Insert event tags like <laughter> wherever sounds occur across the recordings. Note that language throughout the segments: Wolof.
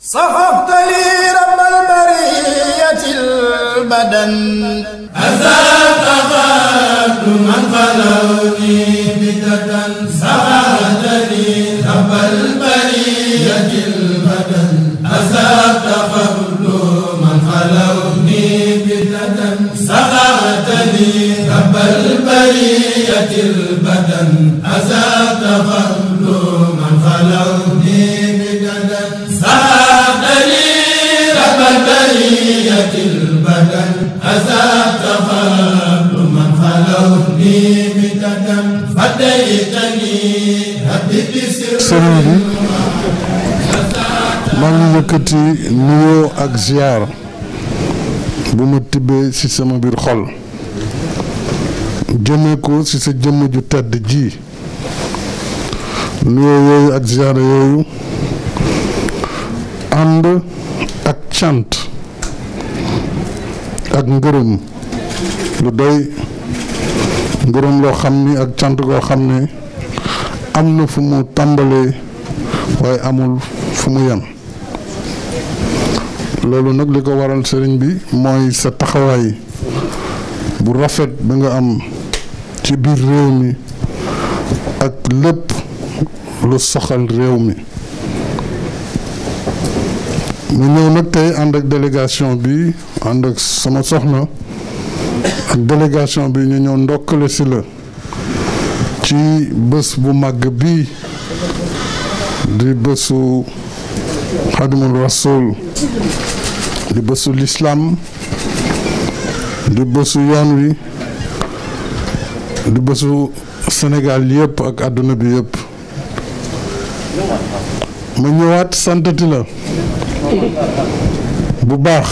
صحبت لي رب البرية البدن أزال أغاد من خلوني بددا صحبت لي رب البرية البدن أزال أغاد من خلوني بددا صحبت لي رب البرية البدن أزاد خلق من خلوني بددا ak ziar bu ma tibbee ci sama biir xol jëmee ko ci sa jëmm ju tedd ji nuyoo yooyu ak ziar yooyu ànd ak cant ak ngërëm lu doy ngërëm loo xam ni ak cant goo xam ne am na fu mu tàmbalee waaye amul fu mu yem loolu nag li ko waral sëriñ bi mooy sa taxawaay bu rafet bi nga am ci biir réew mi ak lépp lu soxal réew mi mu ñëw nag tey ànd ak délégation bi ànd ak sama soxna ak délégation bi ñu ñëw ndokkale si la ci bés bu màgg bi di bésu xadimul rasul di bésu lislaam di bésu yoon wi di bésu Sénégal yëpp ak àdduna bi yëpp ma ñëwaat santati la bu baax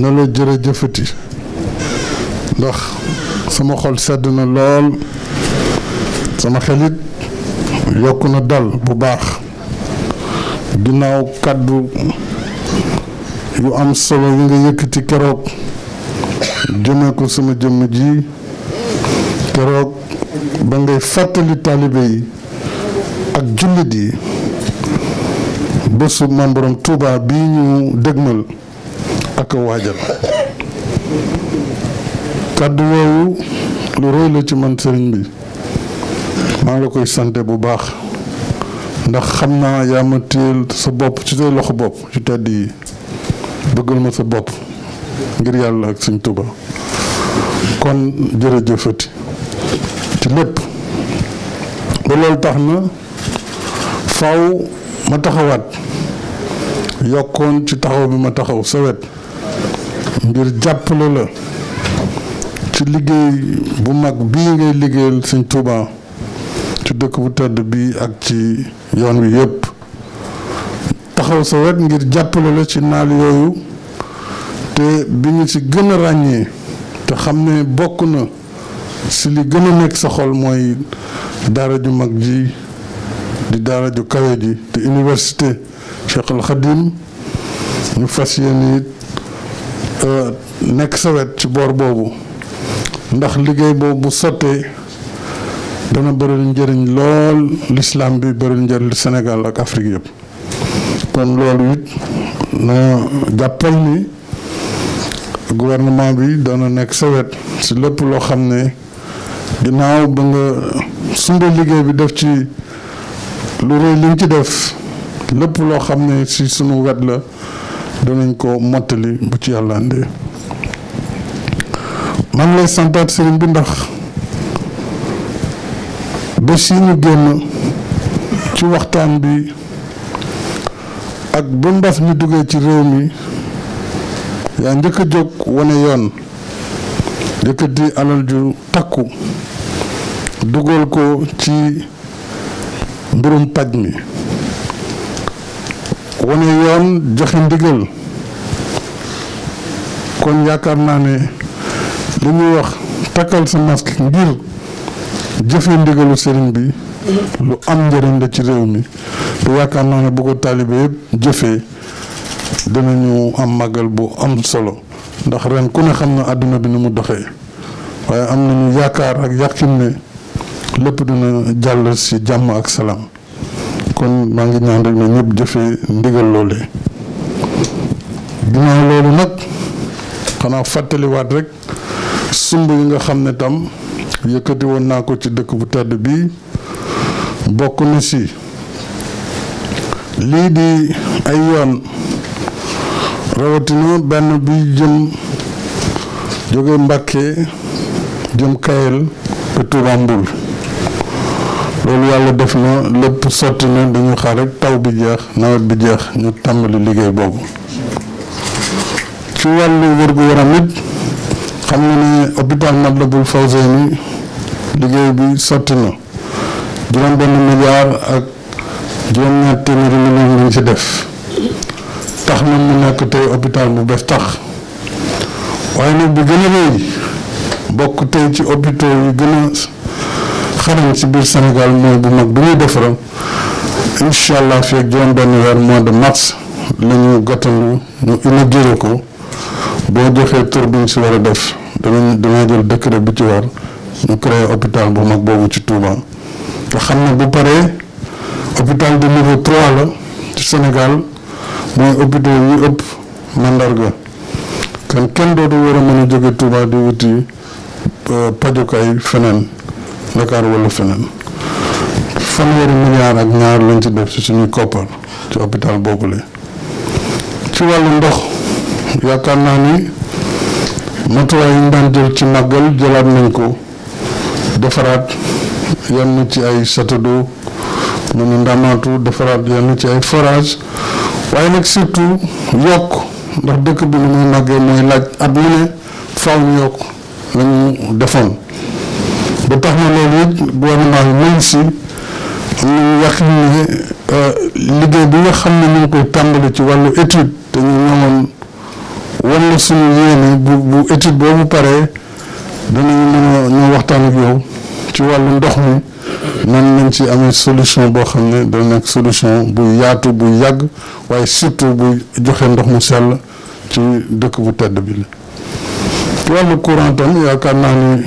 na la jërëjëfati ndax sama xol sedd na lool sama xelit yokk na dal bu baax ginnaaw kàddu yu am solo yi nga yëkkati keroog jëmee ko sama jëmm ji keroog ba ngay fàttali taalibe yi ak jullit yi bésu maam borom Touba bii ñu dégmal ak waajal kàddu woowu lu rëy la ci man sëriñ bi maa ngi la koy sante bu baax ndax xam naa yaa ma sa bopp ci say loxo bopp ci tedd yi bëggal ma sa bopp ngir yàlla ak sëñ Touba kon jërëjëfati ci lépp ba tax na faw ma taxawaat yokkoon ci taxaw bi ma taxaw sa wet ngir jàppale la ci liggéey bu mag bii ngay liggéeyal Sëñ Tuuba ci dëkk bu tedd bii ak ci yoon wi yëpp taxaw sa wet ngir jàppale la ci naal yooyu te bi ñu ci gën a ràññee te xam ne bokk na ci li gën a nekk sa xol mooy daara ju mag ji di daara ju kawe ji di université Cheikhul Khadim ñu fas yéene it euh, nekk sawet ci boor boobu ndax liggéey boobu bu sottee dana bëral njëriñ lool lislaam bi bëral njëriñ Sénégal ak Afrique yëpp kon loolu it na jàppal ni gouvernement bi dana nekk sa wet si lépp loo xam ne ginnaaw ba nga sumba liggéey bi def ci lu rëy li ñu ci def lépp loo xam ne si sunu wet la danañ ko mottali bu ci yàlla andee man lay santaat sëriñ bi ndax bés yi ñu génn ci waxtaan bi ak ba mbas mi duggee ci réew mi yaa njëkk a jóg wane yoon yëkkati alal ju takku dugal ko ci mbirum paj mi wane yoon joxe ndigal kon yaakaar naa ne li ñuy wax takkal sa masque ngir jëfe ndigalu sëriñ bi lu am njëriñ la ci réew mi te yaakaar naa ne bu ko taalibe jëfe jëfee ñu am màggal bu am solo ndax ren ku ne xam na àdduna bi ni mu doxee waaye am nañu yaakaar ak yàqin ne lépp dana jàll ci jàmm ak salaam kon maa ngi ñaan rek ne ñëpp jëfee ndigal loolee ginnaaw loolu nag xanaa fàttaliwaat rekk sumb yi nga xam ne tam yëkkati woon naa ko ci dëkk bu tedd bii bokk na si lii di ay yoon rawatina benn bi jëm jóge Mbàkke jëm Kayel te Touba Mboul loolu yàlla def na lépp sotti na dañu xaar rek taw bi jeex nawet bi jeex ñu tàmbali liggéey boobu ci wàllu wér-gu-yaram it xam nga ne hôpital Matlaboul Fawzeyni liggéey bi sotti na juróom-benn milliard ak juróom-ñaar téeméeri million ci def tax na mu nekk tey hôpital bu bees tax waaye nag bi gën a bokk tey ci hôpitaux yi gën ci biir Sénégal bu mag bi ñuy defaram incha allah benn weer mois de mars ko boo joxee tur bi si war a def danañ dana jël bu ci Touba nga xam ne bu paree hôpital de niveau 3 la ci Sénégal mooy hôpital yu ëpp mandarga kan kenn dootu war a mën jóge Touba di wuti euh, pajukaay feneen Dakar wala feneen fanweeri milliards ak ñaar lañ ci def ci suñuy koppar ci hôpital boobule. ci wàllu ndox yaakaar naa ni matuwaay yi ñu daan jël ci màggal jëlaat nañ ko defaraat yenn ci ay château d'eau mu nu ndamaatu defaraat yenn ci ay forage waaye nag surtout yokk ndax dëkk bi lu muy màggee mooy laaj at mu ne faw ñu yokk lañu defoon ba tax na loolu it gouvernement bi même si am nañu yàqin liggéey bi nga xam ne ñu ngi koy tàmbali ci wàllu étude te ñu ñëwoon wan la suñu yéene bu étude boobu paree danañ mën a ñu waxtaan yow ci wàllu ndox mi nan lañ ci amee solution boo xam ne dana nekk solution bu yaatu bu yàgg waaye surtout bu joxe ndox mu sell ci dëkk bu tedd bi la ci wàllu courant tam yaakaar naa ni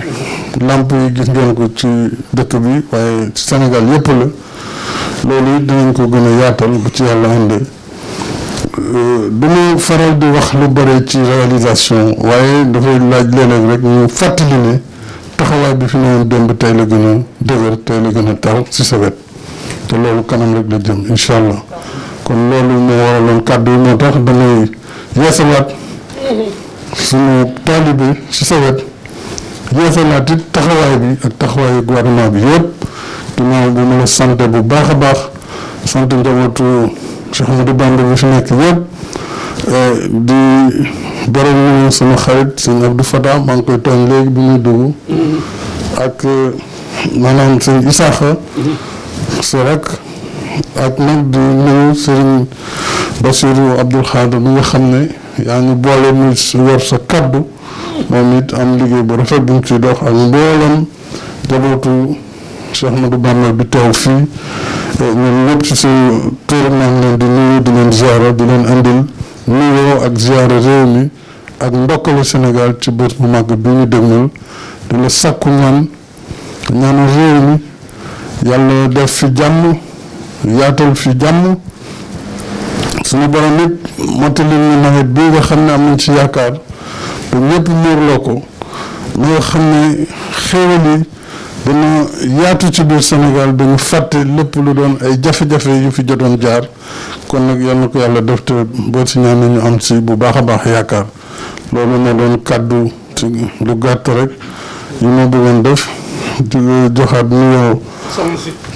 làmp yi gis ngeen ko ci dëkk bi waaye ci Sénégal yëpp la loolu it dinañ ko gën a yaatal bu ci yàlla àndee euh, dama faral di wax lu bëri ci réalisation waaye dafay laaj leneen rek ñu fàttali ne taxawaay bi fi ne woon démb tey la gën a dëgër tey la gën a tar si sa te loolu kanam rek la jëm incha allah kon loolu moo waraloon kàddu yi moo tax damay yeesalaat <laughs> suñu taalibe si sa yeesalaat it taxawaay bi ak taxawaayu gouvernement bi yëpp ginnaaw bi ma la sant bu baax a baax sant njabootu Cheikh Ahmadou Bamba bi fi nekk yëpp eh, di borom ñu sama xarit sëñ Abdou Fatah maa ngi koy tooñ léegi bi muy dugg ak eh, maanaam sëñ Isaaxa si rek ak nag di nuyu sëriñ Basiru Abdul Xaadir bi nga xam ne yaa ngi boole muy yor sa kaddu moom it am liggéey bu rafet bu mu ciy dox ak mboolam jabootu Cheikh Ahmadou Bamba bi teew fii ñun ñëpp ci suñu tur maa ngi leen di nuyu di leen ziara di leen andil nuyoo ak ziara réew mi ak ndokkalu Sénégal ci bés bu mag bi ñu dégmal di la sakku ñaan ñaanu réew mi yàlla def fi jàmm yaatal fi jàmm suñu borom it mottali ñu nawet bi nga xam ne am nañ ci yaakaar. ba ñëpp muurloo ko ñoo xam ne xéewal yi dana yaatu ci biir Sénégal ba ñu fàtte lépp lu doon ay jafe-jafe yu fi jotoon jaar kon nag yal na ko yàlla def te boo ci ñaanee ñu am si bu baax a baax yaakaar loolu moo doon kàddu ci lu gàtt rek yu ma bëggoon def di joxaat nuyoo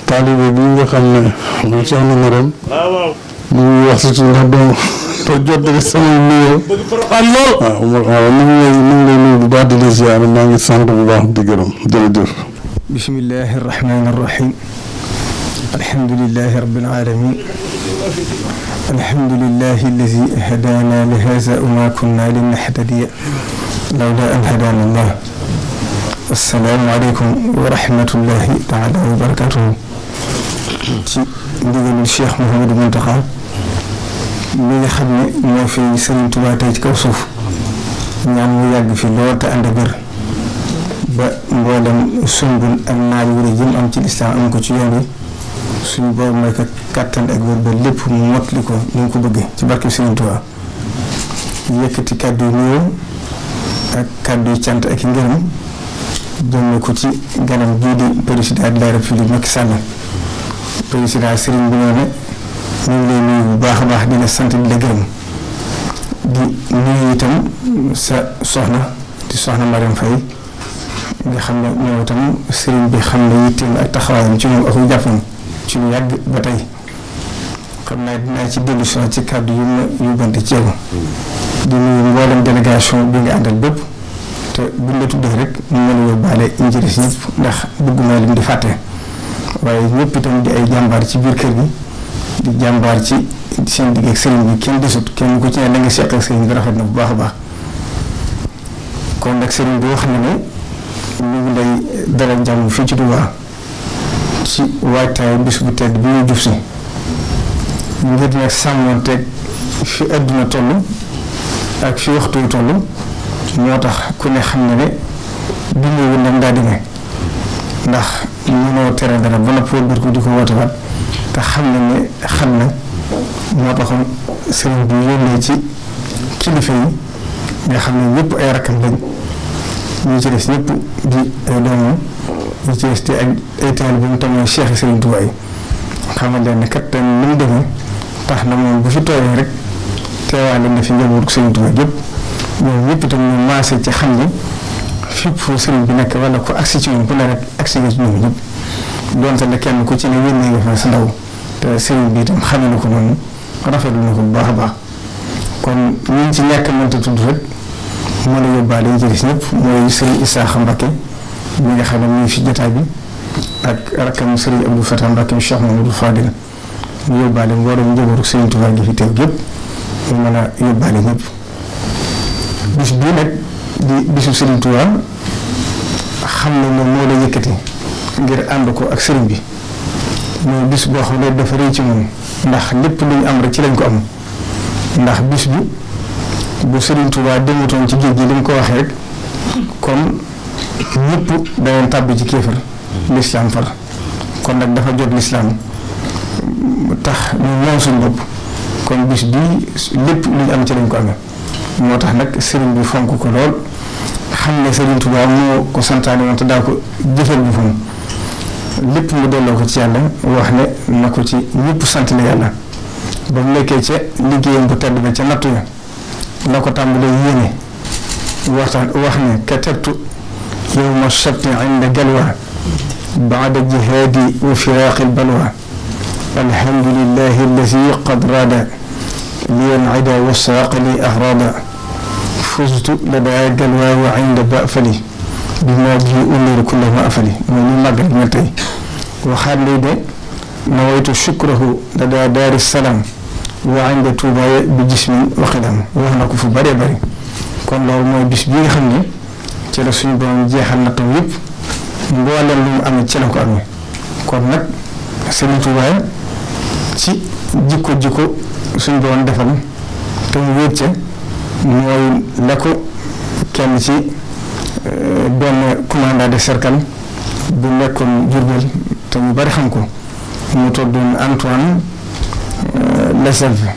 nga xam ne mu soxna Marème mu ngi wax si suñu doom to jottali sama nuyoo ah, waaw Omar waaw ñu ngi lay ñu ngi lay nuyu bu baax di la ziar maa ngi sant bu baax di gërëm jërëjëf bismillahi rahmani rahim alhamdulillahi rabbil alamin alhamdulillahi allazi hadana li hadha wa ma kunna linahtadiya lawla an hadana allah assalaamu aleykum wa rahmatullahi taala wa barakatuhu ci ndigalul Cheikh Mouhamadou Mountakha mi nga xam ne moo fi Sëriñ Tuubaa tey ci kaw suuf ñaan mu yàgg fi lool te ànd ak ba mboolem sumbul ak naaj wu rëy am ci lislaam am ko ci yoon wi suñu boobu may ko kàttan ak wér ba lépp mu mottali ko ni mu ko bëggee ci barke Sëriñ Tuubaa yëkkati kàddu yu nuyoo ak kàddu yu cant ak i ngërëm jëmme ko ci ganam gii di président de la république Macky Sall président Serigne bi nee ñu ngi lay baax a baax di la sant di la gërëm di nuyu itam sa soxna di soxna Mariam Faye nga xam ne ñoom itam sëriñ bi xam ne yitteem ak taxawaayam ci ñoom aku jàppam ci lu ba tey xam naa dinaa ci dellu ci kàddu yu ma yóbbante ci yow di nuyu mboolem délégation bi nga àndal bépp te buñ la tuddee rek mu mën a yóbbaale njëriñ si ñëpp ndax bëgguma lim di fàtte waaye ñëpp itam di ay jàmbaar ci biir kër gi di jàmbaar ci seen digg ak sëriñ bi kenn desut kenn ku ci ne la nga ak sëriñ bi rafet na bu baax a baax kon nag sëriñ bi wax na ne ñu ngi lay dalal jàmm fii ci Touba ci waajtaayu bis bu tedd bi ñu jub si ngir nag sàmmoon teg fi àdduna toll ak fi waxtu wi ñoo tax ku ne xam na ne dundu wu nag daa demee ndax mënoo tere dara ba noppoo biir ko di ko wootewaat te xam na ne xam na moo taxoon sëriñ bi yónnee ci kilifa yi nga xam ne ñëpp ay rakkam lañ ñu ci des ñëpp di ay doomam ñu ci tam mooy Cheikh Sëriñ Tuubaa yi ni mu demee tax na moom bu fi toogee rek teewaale na fi njabootu Sëriñ Tuubaa yëpp ñoom ñëpp maase ci xam ne fi fu sëriñ bi nekk wala ko agsi ci moom bu ne rek agsi nga ci ñoom ñëpp donte kenn ku ci ne yónnee nga fa sa ndaw te sëriñ bi itam xame na ko noonu rafetlu na ko bu baax baax kon ñun ci nekk mënta tudd rek moo la yóbbaale ñu ci des ñëpp mooy nga xam ne mu ngi fi bi ak rakkam sëriñ Abdou Fatah Mbakke Cheikh Mamadou Fadil mu yóbbaale mboolem mën a yóbbaale ñëpp bis bii nag di bisu xam ne moom moo la yëkkati ngir ànd ko ak sëriñ bi. muy bis boo xam ne dafa rëy ci moom ndax lépp lu am rek ci lañ ko am ndax bis bi bu Serigne Touba demutoon ci géej gi li ko waxee rek kon ñëpp dayoon tàbbi ci kéefar lislaam far kon nag dafa jot lislaam tax ñu moom suñu bopp kon bis bii lépp lu am ci lañ ko amee moo tax nag sëriñ bi fonk ko lool xam ne Serigne Touba moo ko santaane woon te daa ko jëfal bu fam lépp mu delloo ko ci yàlla wax ne na ci ñëpp sant la yàlla ba mu nekkee ca liggéeyam ba ca nattu ya na ko tàmbalee yéene waxtaan wax ne katabtu yawma sabti inda galwa baada jihaadi wa firaaqi balwa alhamdulillahi alladi qad raada liyan ida wasaaqa li ahraada fustu ladaa galwa wa inda bafali bi moo ji ulleeru kulle ma afali mooy ñu màggal mel tey waxaat lay de nawaytu shukrahu lada daari salaam wa inda tuuba bi jismi wa wax na ko fu bëree bëri kon loolu mooy bis bi nga xam ne ci la suñu jeexal na taw yëpp mboolem lu mu amee ci la ko amee kon nag Sëriñ Tuuba ci jikko jikko suñu borom defal te mu wér ca mooy la ko kenn ci Euh, benn commandant de cercle bu nekkoon Diourbel te ñu bari xam ko mu tuddoon Antoine euh, Leselve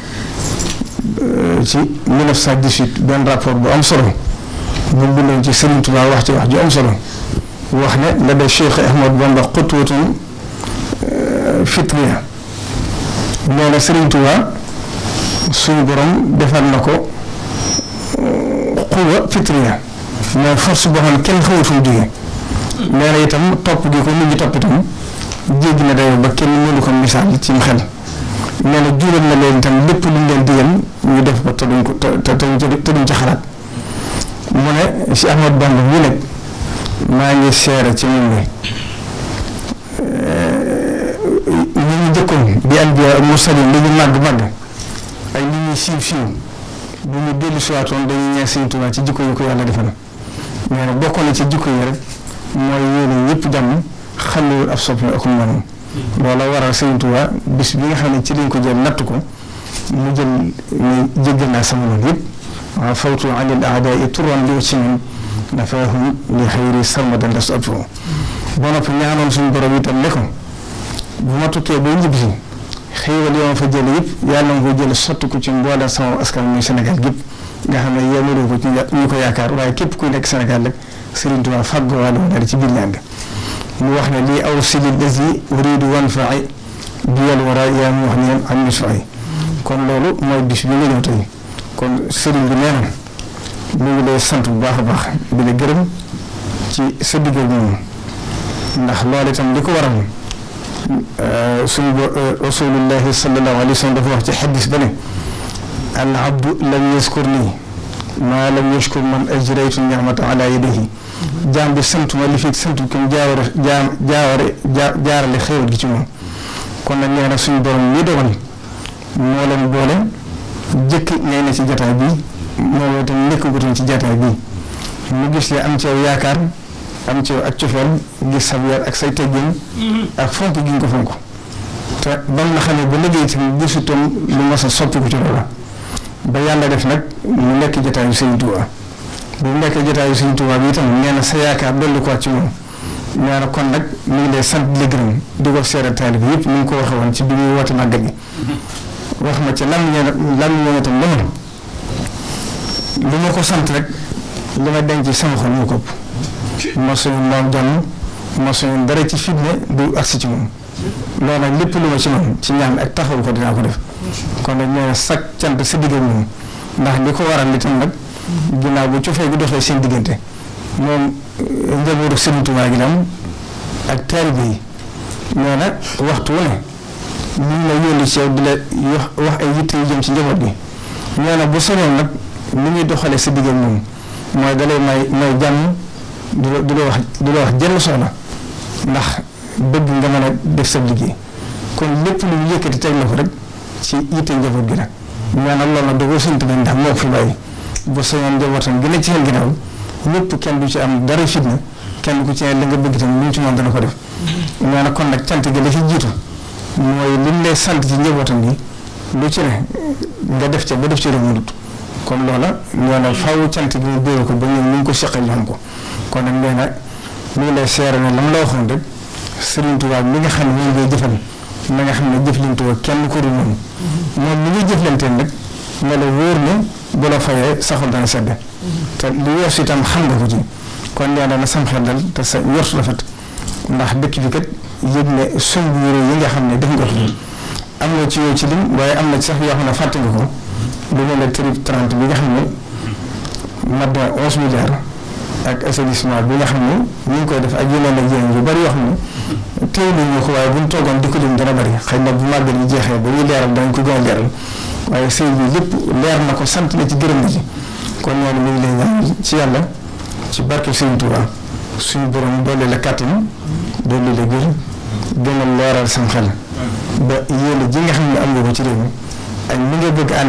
euh, ci 1918 benn rapport bu am solo bu bindoon ci Serigne Touba wax ci wax ju am solo wax ne la de Cheikh Ahmad Bamba xutwatun fitriya nee na Serigne Touba suñu borom defal na ko xuwa fitriya mais force boo xam ne kenn xamul fu mu jógee nee na itam topp gi ko mu ñi topp itam jéggi na dayoo ba kenn mënu ko misaal ci mu xel nee na jural na leen itam lépp lu ñu leen digal ñu def ko te duñ ko te te te duñ ci xalaat mu ne si Ahmad Bamba mu nekk maa ngi seere ci moom ne eh, ñu ñu jëkkoon di anbiya ak mursalin li ñu màgg màgg ay li mu siiw siiw bu ñu dellu si waatoon dañuy ñeex Sëriñ Tuubaa ci jikko yu ko yàlla defal nee na bokkoon na ci jikk yi rek mooy yéene ñëpp jàmm xàllewul ab soppi ak moom loolu waral Sëriñ Tuubaa bis bi nga xam ne ci lañ ko jël natt ko mu jël ñu jéggal naa sama noonu yëpp waaw fawtu anil a'daa'i turan li ci ñun nafaahum li xayri suñu borom itam ne ko bu ma tukkee boo njëb si xéewal yoo ma fa jële yëpp yàlla nga ko jële sotti ko ci mboolem sama askan muy Sénégal gépp nga xam ne yemaloo ko ci ñu ko yaakaar waaye képp ku nekk Sénégal rek Serigne Touba fàggoo wàllu dara ci biir ñàng mu wax ne lii aw si de des yi di wan faay bi yàlla war a yaa mu wax ne yéen am na faay kon loolu mooy bis bi kon Serigne bi nee na mu ngi lay sant bu baax a baax di la gërëm ci sa digal moom ndax loolu itam li ko waral euh, su bo euh, rasulullahi sallallahu alayhi wa sallam wax ci xaddis ba ne al abdu lam yaskur nii maa lam yaskur man ajraytu nicmata ala yadihi jaam bi sant ma li fi sant ko jaaware jaam jaaware jaarale xéewal gi ci moom kon nag nee na suñu borom ñi dogal moo leen boole jëkk ci jataay bi moo leen tam ci jataay bi mu gis le am ci yaakaar am ci yow ak cofeel gis sa yar ak say teggin mm-hmm. ak fonk gi nga ko fonk te bam la xamee ba liggéey tamit gisu tam lu mas a soppi ko ci loola ba yàlla def nag mu nekk jotaayu Sëriñ Tuubaa bu mu nekk jotaayu Sëriñ Tuubaa bi itam nee na sa yaakaar dolli ko ci moom nee na kon nag mu ngi lay sant di la gërëm di ko seere taalib ko waxee woon ci bi muy woote màggal gi wax ma ci lan ngeen lan ngeen itam lu ma lu ma ko sant rek li ma denc sama xol mu ko ëpp. ma jàmm ma dara ci fitne du agsi ci moom. loolu nag lépp lu ma ci man ci ñaan ak taxawu ko dinaa ko def kon nag ñoo sa cant si diggante moom ndax li ko waral itam nag ginnaaw bu cofee gu doxee seen diggante moom eh, njabootu Sëriñ Tuubaa ak taalibe yi nee waxtu wu ne ñu ngi wax ay yitte yu ci njaboot bi nee na bu sonoon nag ni ñuy doxalee sa diggante moom mooy dalay may may jàmm du la du la wax du la wax jënn soxla ndax bëgg nga mën a def sa liggéey kon lépp lu ñu yëkkati teg na ko rek ci yitte njaboot gi nag. maanaam loolu nag da koo sant nañ ndax moo ko fi bàyyi ba soñoon njabootam gën a ci seen ginnaaw ñëpp kenn du ci am dara fitna kenn ku ci ne bëgg tamit lu mu ci mën dana ko def. maanaam kon nag cant gi la ci jiitu mooy li mu lay sant ci njabootam lu ci ne nga def ca ba def ci lu mu dut kon loola nee na faaw cant gi mu dóor ko ba ñoom ñu ngi ko seqal ñu xam ko kon nag nee na ñu lay seere ne la mu la waxoon rek. Serigne Touba mi nga xam ne moom ngay jëfal na nga xam ne jëflante woo kenn ku dul moom li nga jëflanteel nag ne la na bu la fayee saxul dana sedd te lu wóor si itam xam nga ko ci kon yaa dana sam xel dal te sa yor rafet ndax dëkk bi kat yëg ne sumb yi nga xam ne def nga ko am na ci ci lim waaye am na ci sax yoo xam ne fàtte ko lu mel ne trip trente bi nga xam ne mat na onze milliards ak assainissement bi nga xam ne ñu ngi koy def ak yeneen ak yeneen yu bari yoo xam ne tey nañu ko waaye bu ñu toogoon di ko lim dana bari xëy na bu màggal ñu jeexee ba ñuy leeral danañ ko gën a leeral waaye sëñ bi lépp leer na ko sant na ci gërëm na ci kon ñooñu ñu ngi lay ñaan ci ci barke Sëriñ Tuubaa suñu borom doole la kàttan doole la gër leeral sam xel ba yéen nga xam ne am nga ko ci réew mi ak nga bëgg ànd